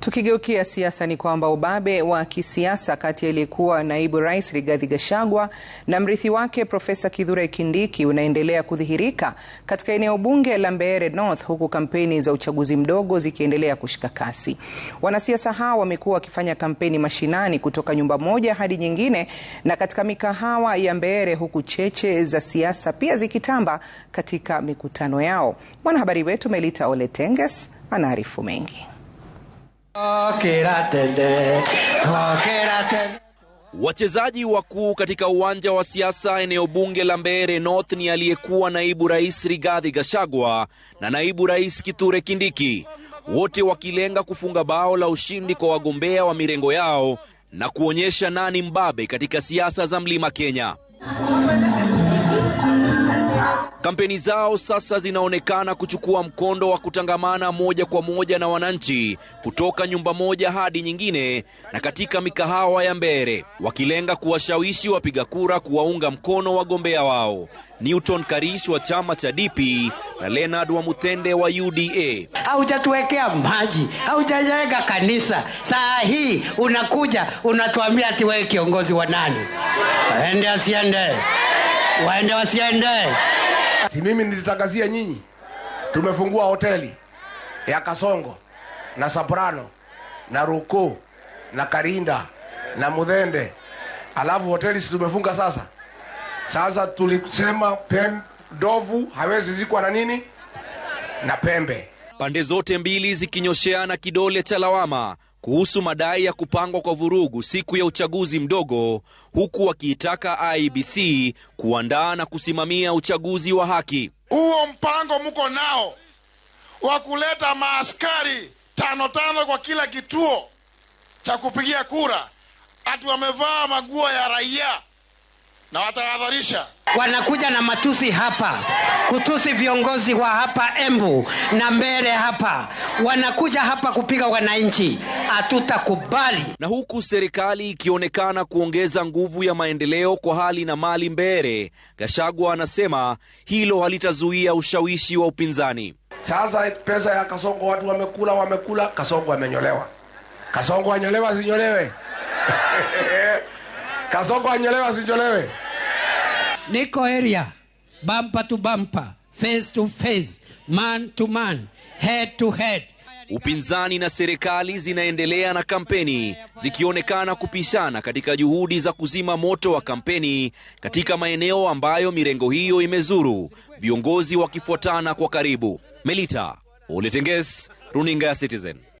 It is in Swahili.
Tukigeukia siasa ni kwamba ubabe wa kisiasa kati ya aliyekuwa naibu rais Rigathi Gachagua na mrithi wake Profesa Kithure Kindiki unaendelea kudhihirika katika eneo bunge la Mbeere North, huku kampeni za uchaguzi mdogo zikiendelea kushika kasi. Wanasiasa hao wamekuwa wakifanya kampeni mashinani kutoka nyumba moja hadi nyingine na katika mikahawa ya Mbeere, huku cheche za siasa pia zikitamba katika mikutano yao. Mwanahabari wetu Melita Oletenges anaarifu mengi. Wachezaji wakuu katika uwanja wa siasa eneo bunge la Mbeere North ni aliyekuwa naibu rais Rigathi Gachagua na naibu rais Kithure Kindiki, wote wakilenga kufunga bao la ushindi kwa wagombea wa mirengo yao na kuonyesha nani mbabe katika siasa za Mlima Kenya. Kampeni zao sasa zinaonekana kuchukua mkondo wa kutangamana moja kwa moja na wananchi kutoka nyumba moja hadi nyingine na katika mikahawa ya Mbere, wakilenga kuwashawishi wapiga kura kuwaunga mkono wagombea wao Newton Karish wa chama cha DP na Leonard wa Muthende wa UDA. Haujatuwekea maji, haujajenga kanisa, saa hii unakuja unatuambia ati wewe kiongozi wa nani? Waende asiende, waende wasiende. Si mimi nilitangazia nyinyi, tumefungua hoteli ya Kasongo na saprano na Ruku na Karinda na Mudhende, alafu hoteli si tumefunga sasa. Sasa tulisema pem, ndovu hawezi zikwa na nini na pembe, pande zote mbili zikinyosheana kidole cha lawama kuhusu madai ya kupangwa kwa vurugu siku ya uchaguzi mdogo, huku wakiitaka IEBC kuandaa na kusimamia uchaguzi wa haki. Huo mpango mko nao wa kuleta maaskari tano tano kwa kila kituo cha kupigia kura, ati wamevaa maguo ya raia na watahadharisha wanakuja na matusi hapa kutusi viongozi wa hapa Embu na mbele hapa, wanakuja hapa kupiga wananchi, hatutakubali. Na huku serikali ikionekana kuongeza nguvu ya maendeleo kwa hali na mali mbele gashagwa anasema hilo halitazuia ushawishi wa upinzani. Sasa pesa ya Kasongo watu wamekula, wamekula. Kasongo amenyolewa, Kasongo anyolewa, sinyolewe Kasongo anyolewa, sinyolewe niko area bampa to bampa, face to face, man to man, head to head. Upinzani na serikali zinaendelea na kampeni zikionekana kupishana katika juhudi za kuzima moto wa kampeni katika maeneo ambayo mirengo hiyo imezuru, viongozi wakifuatana kwa karibu. Melita Oletenges, runinga ya Citizen.